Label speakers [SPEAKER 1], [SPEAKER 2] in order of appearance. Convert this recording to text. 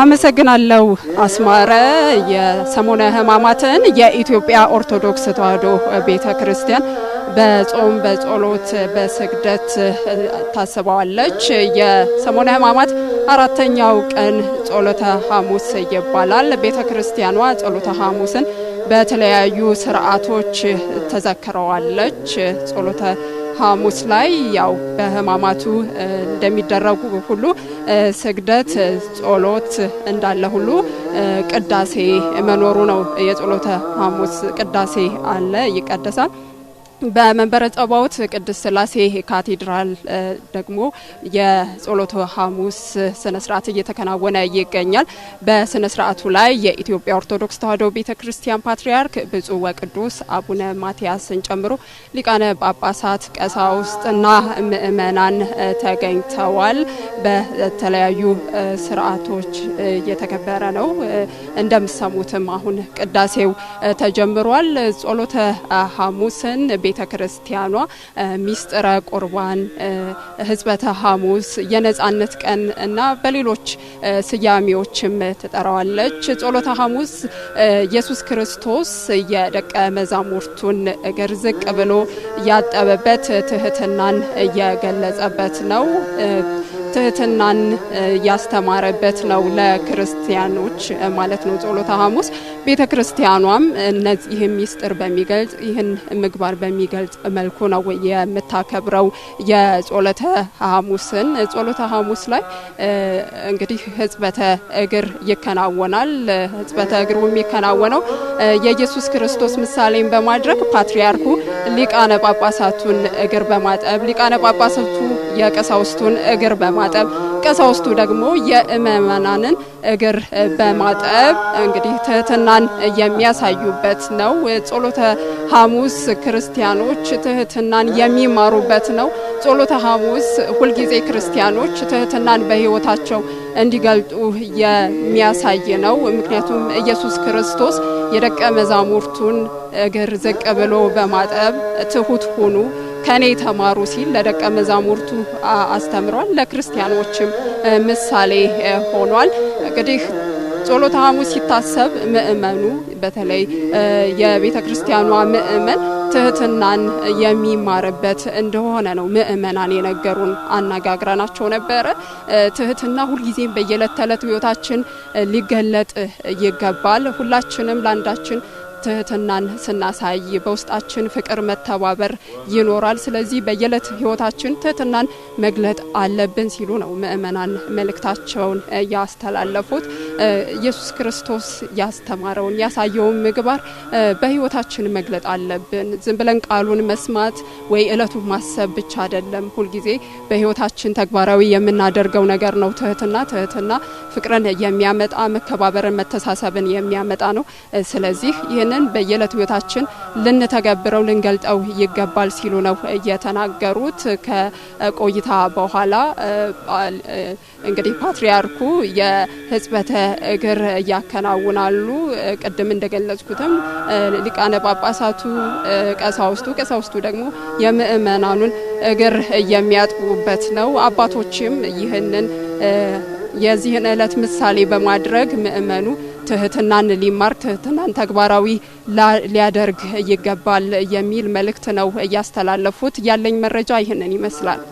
[SPEAKER 1] አመሰግናለሁ አስማረ። የሰሙነ ሕማማትን የኢትዮጵያ ኦርቶዶክስ ተዋሕዶ ቤተ ክርስቲያን በጾም በጸሎት በስግደት ታስበዋለች። የሰሙነ ሕማማት አራተኛው ቀን ጸሎተ ሐሙስ ይባላል። ቤተ ክርስቲያኗ ጸሎተ ሐሙስን በተለያዩ ስርዓቶች ተዘክረዋለች። ጸሎተ ሐሙስ ላይ ያው በህማማቱ እንደሚደረጉ ሁሉ ስግደት፣ ጸሎት እንዳለ ሁሉ ቅዳሴ መኖሩ ነው። የጸሎተ ሐሙስ ቅዳሴ አለ፣ ይቀደሳል። በመንበረ ጸባኦት ቅድስት ስላሴ ካቴድራል ደግሞ የጸሎተ ሐሙስ ስነ ስርዓት እየተከናወነ ይገኛል። በስነ ስርዓቱ ላይ የኢትዮጵያ ኦርቶዶክስ ተዋሕዶ ቤተ ክርስቲያን ፓትርያርክ ብፁዕ ወቅዱስ አቡነ ማትያስን ጨምሮ ሊቃነ ጳጳሳት፣ ቀሳውስትና ምእመናን ተገኝተዋል። በተለያዩ ስርዓቶች እየተከበረ ነው። እንደምሰሙትም አሁን ቅዳሴው ተጀምሯል። ጸሎተ ሐሙስን ቤተ ክርስቲያኗ ሚስጥረ ቁርባን፣ ህዝበተ ሐሙስ፣ የነጻነት ቀን እና በሌሎች ስያሜዎችም ትጠራዋለች። ጸሎተ ሐሙስ ኢየሱስ ክርስቶስ የደቀ መዛሙርቱን እግር ዝቅ ብሎ ያጠበበት ትህትናን እየገለጸበት ነው። ትህትናን ያስተማረበት ነው ለክርስቲያኖች ማለት ነው ጸሎተ ሐሙስ። ቤተ ክርስቲያኗም ይህን ሚስጥር በሚገልጽ ይህን ምግባር በሚገልጽ መልኩ ነው የምታከብረው የጸሎተ ሐሙስን። ጸሎተ ሐሙስ ላይ እንግዲህ ህጽበተ እግር ይከናወናል። ህጽበተ እግሩ የሚከናወነው የኢየሱስ ክርስቶስ ምሳሌን በማድረግ ፓትርያርኩ ሊቃነ ጳጳሳቱን እግር በማጠብ ሊቃነ ጳጳሳቱ የቀሳውስቱን እግር በማ በማጠብ ቀሳውስቱ ደግሞ የምእመናንን እግር በማጠብ እንግዲህ ትህትናን የሚያሳዩበት ነው። ጸሎተ ሐሙስ ክርስቲያኖች ትህትናን የሚማሩበት ነው። ጸሎተ ሐሙስ ሁልጊዜ ክርስቲያኖች ትህትናን በሕይወታቸው እንዲገልጡ የሚያሳይ ነው። ምክንያቱም ኢየሱስ ክርስቶስ የደቀ መዛሙርቱን እግር ዝቅ ብሎ በማጠብ ትሁት ሁኑ ከኔ ተማሩ ሲል ለደቀ መዛሙርቱ አስተምሯል። ለክርስቲያኖችም ምሳሌ ሆኗል። እንግዲህ ጸሎተ ሐሙስ ሲታሰብ ምእመኑ በተለይ የቤተ ክርስቲያኗ ምእመን ትህትናን የሚማርበት እንደሆነ ነው ምእመናን የነገሩን። አነጋግረናቸው ነበረ። ትህትና ሁልጊዜም በየዕለት ተዕለት ሕይወታችን ሊገለጥ ይገባል። ሁላችንም ለአንዳችን ትህትናን ስናሳይ በውስጣችን ፍቅር፣ መተባበር ይኖራል። ስለዚህ በየዕለት ህይወታችን ትህትናን መግለጥ አለብን ሲሉ ነው ምእመናን መልእክታቸውን ያስተላለፉት። ኢየሱስ ክርስቶስ ያስተማረውን ያሳየውን ምግባር በህይወታችን መግለጥ አለብን። ዝም ብለን ቃሉን መስማት ወይ እለቱን ማሰብ ብቻ አይደለም። ሁልጊዜ በህይወታችን ተግባራዊ የምናደርገው ነገር ነው። ትህትና ትህትና ፍቅርን የሚያመጣ መከባበርን፣ መተሳሰብን የሚያመጣ ነው። ስለዚህ ይህንን በየእለት ህይወታችን ልንተገብረው ልንገልጠው ይገባል ሲሉ ነው የተናገሩት ከቆይታ በኋላ እንግዲህ ፓትርያርኩ የህዝበተ እግር እያከናውናሉ። ቅድም እንደገለጽኩትም ሊቃነ ጳጳሳቱ ቀሳውስቱ፣ ቀሳውስቱ ደግሞ የምእመናኑን እግር የሚያጥቡበት ነው። አባቶችም ይህንን የዚህን ዕለት ምሳሌ በማድረግ ምእመኑ ትህትናን ሊማር ትህትናን ተግባራዊ ሊያደርግ ይገባል የሚል መልእክት ነው እያስተላለፉት። ያለኝ መረጃ ይህንን ይመስላል።